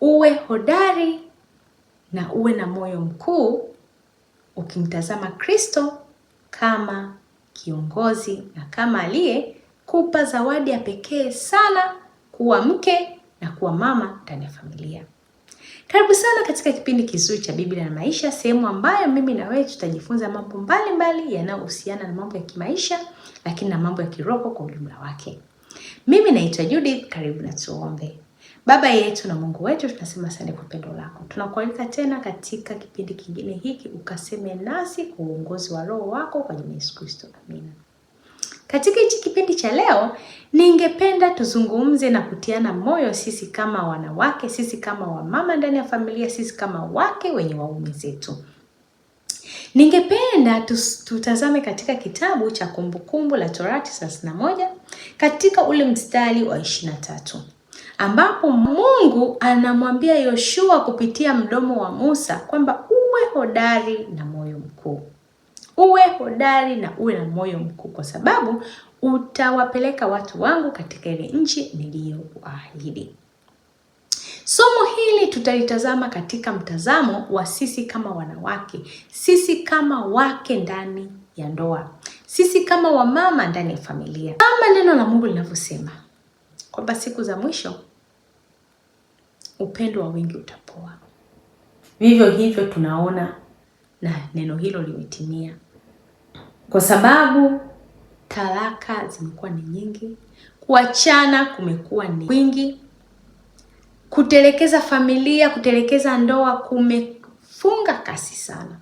uwe hodari na uwe na moyo mkuu, ukimtazama Kristo kama kiongozi na kama aliye kupa zawadi ya pekee sana kuwa mke na kuwa mama ndani ya familia. Karibu sana katika kipindi kizuri cha Biblia na Maisha, sehemu ambayo mimi na wewe tutajifunza mambo mbalimbali yanayohusiana na mambo ya kimaisha, lakini na mambo ya kiroho kwa ujumla wake. Mimi naitwa Judith, karibu na tuombe. Baba yetu na Mungu wetu, tunasema asante kwa pendo lako. Tunakualika tena katika kipindi kingine hiki ukaseme nasi kwa uongozi wa Roho wako kwa jina Yesu Kristo, amina. Katika hichi kipindi cha leo, ningependa tuzungumze na kutiana moyo sisi kama wanawake, sisi kama wamama ndani ya familia, sisi kama wake wenye waume zetu. Ningependa tutazame katika kitabu cha Kumbukumbu la Torati 31 katika ule mstari wa tatu ambapo Mungu anamwambia Yoshua kupitia mdomo wa Musa kwamba uwe hodari na moyo mkuu, uwe hodari na uwe na moyo mkuu, kwa sababu utawapeleka watu wangu katika ile nchi niliyowaahidi. Somo hili tutalitazama katika mtazamo wa sisi kama wanawake, sisi kama wake ndani ya ndoa, sisi kama wamama ndani ya familia, kama neno la Mungu linavyosema kwamba siku za mwisho upendo wa wingi utapoa. Vivyo hivyo tunaona na neno hilo limetimia, kwa sababu talaka zimekuwa ni nyingi, kuachana kumekuwa ni wingi, kutelekeza familia, kutelekeza ndoa kumefunga kasi sana,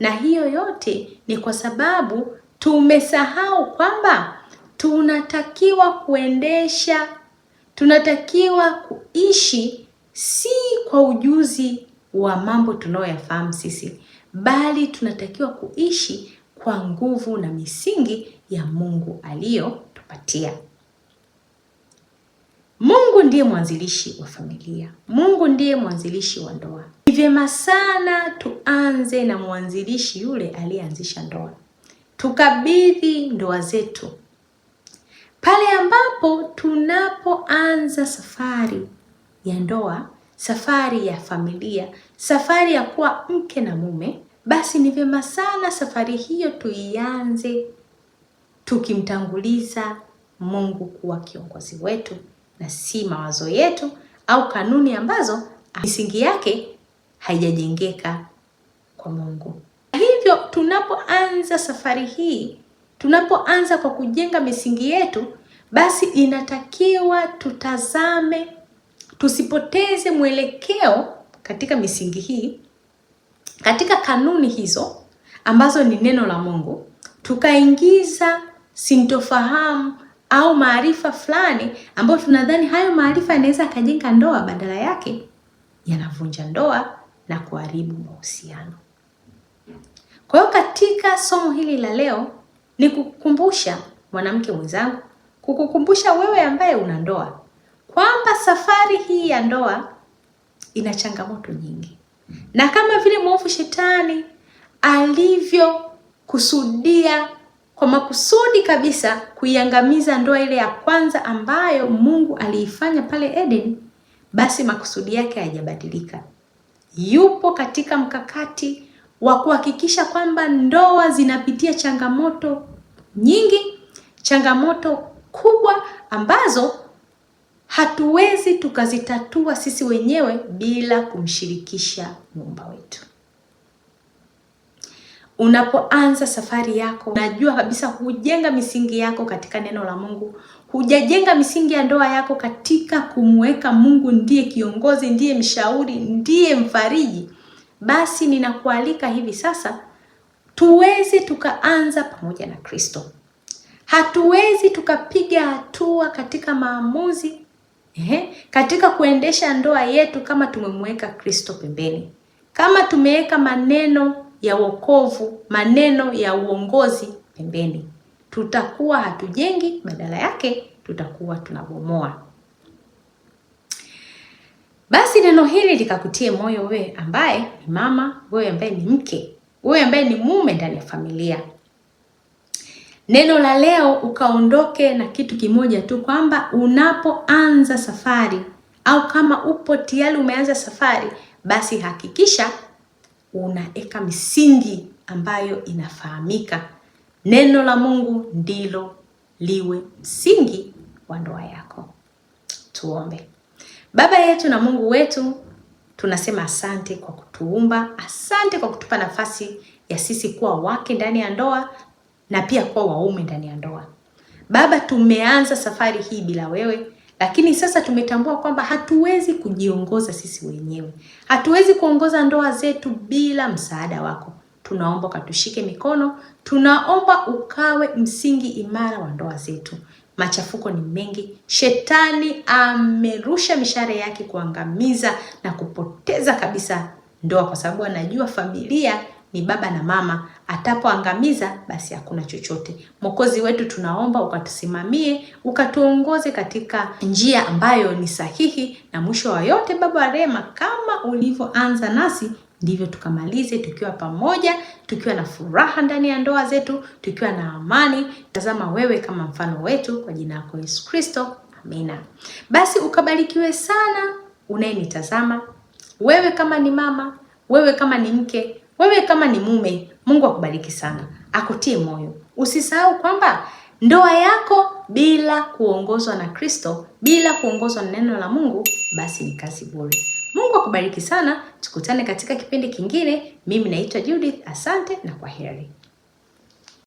na hiyo yote ni kwa sababu tumesahau kwamba tunatakiwa kuendesha, tunatakiwa kuishi si kwa ujuzi wa mambo tunayoyafahamu sisi, bali tunatakiwa kuishi kwa nguvu na misingi ya Mungu aliyotupatia. Mungu ndiye mwanzilishi wa familia. Mungu ndiye mwanzilishi wa ndoa. Ni vyema sana tuanze na mwanzilishi yule aliyeanzisha ndoa, tukabidhi ndoa zetu pale ambapo tunapoanza safari ya ndoa, safari ya familia, safari ya kuwa mke na mume, basi ni vyema sana safari hiyo tuianze tukimtanguliza Mungu kuwa kiongozi wetu na si mawazo yetu au kanuni ambazo misingi yake haijajengeka kwa Mungu. Hivyo tunapoanza safari hii, tunapoanza kwa kujenga misingi yetu, basi inatakiwa tutazame Tusipoteze mwelekeo katika misingi hii, katika kanuni hizo ambazo ni neno la Mungu, tukaingiza sintofahamu au maarifa fulani ambayo tunadhani hayo maarifa yanaweza yakajenga ndoa, badala yake yanavunja ndoa na kuharibu mahusiano. Kwa hiyo katika somo hili la leo ni kukukumbusha mwanamke mwenzangu, kukukumbusha wewe ambaye una ndoa kwamba safari hii ya ndoa ina changamoto nyingi, na kama vile mwovu shetani alivyokusudia kwa makusudi kabisa kuiangamiza ndoa ile ya kwanza ambayo Mungu aliifanya pale Eden, basi makusudi yake hayajabadilika. Yupo katika mkakati wa kuhakikisha kwamba ndoa zinapitia changamoto nyingi, changamoto kubwa ambazo hatuwezi tukazitatua sisi wenyewe bila kumshirikisha muumba wetu. Unapoanza safari yako, unajua kabisa hujenga misingi yako katika neno la Mungu, hujajenga misingi ya ndoa yako katika kumweka Mungu ndiye kiongozi, ndiye mshauri, ndiye mfariji, basi ninakualika hivi sasa tuweze tukaanza pamoja na Kristo. Hatuwezi tukapiga hatua katika maamuzi Ehe, katika kuendesha ndoa yetu kama tumemweka Kristo pembeni, kama tumeweka maneno ya wokovu, maneno ya uongozi pembeni, tutakuwa hatujengi, badala yake tutakuwa tunabomoa. Basi neno hili likakutie moyo wewe ambaye ni mama, wewe ambaye ni mke, wewe ambaye ni mume ndani ya familia. Neno la leo ukaondoke na kitu kimoja tu kwamba unapoanza safari au kama upo tayari umeanza safari, basi hakikisha unaweka misingi ambayo inafahamika. Neno la Mungu ndilo liwe msingi wa ndoa yako. Tuombe. Baba yetu na Mungu wetu, tunasema asante kwa kutuumba, asante kwa kutupa nafasi ya sisi kuwa wake ndani ya ndoa na pia kwa waume ndani ya ndoa. Baba, tumeanza safari hii bila wewe, lakini sasa tumetambua kwamba hatuwezi kujiongoza sisi wenyewe, hatuwezi kuongoza ndoa zetu bila msaada wako. Tunaomba ukatushike mikono, tunaomba ukawe msingi imara wa ndoa zetu. Machafuko ni mengi, shetani amerusha mishare yake kuangamiza na kupoteza kabisa ndoa, kwa sababu anajua familia ni baba na mama. Atapoangamiza basi hakuna chochote. Mwokozi wetu, tunaomba ukatusimamie, ukatuongoze katika njia ambayo ni sahihi, na mwisho wa yote, Baba wa rehema, kama ulivyoanza nasi ndivyo tukamalize tukiwa pamoja, tukiwa na furaha ndani ya ndoa zetu, tukiwa na amani. Tazama wewe kama mfano wetu, kwa jina lako Yesu Kristo, amina. Basi ukabarikiwe sana unayenitazama, wewe kama ni mama, wewe kama ni mke wewe kama ni mume, Mungu akubariki sana, akutie moyo. Usisahau kwamba ndoa yako bila kuongozwa na Kristo, bila kuongozwa na neno la Mungu, basi ni kazi bure. Mungu akubariki sana, tukutane katika kipindi kingine. Mimi naitwa Judith, asante na kwaheri.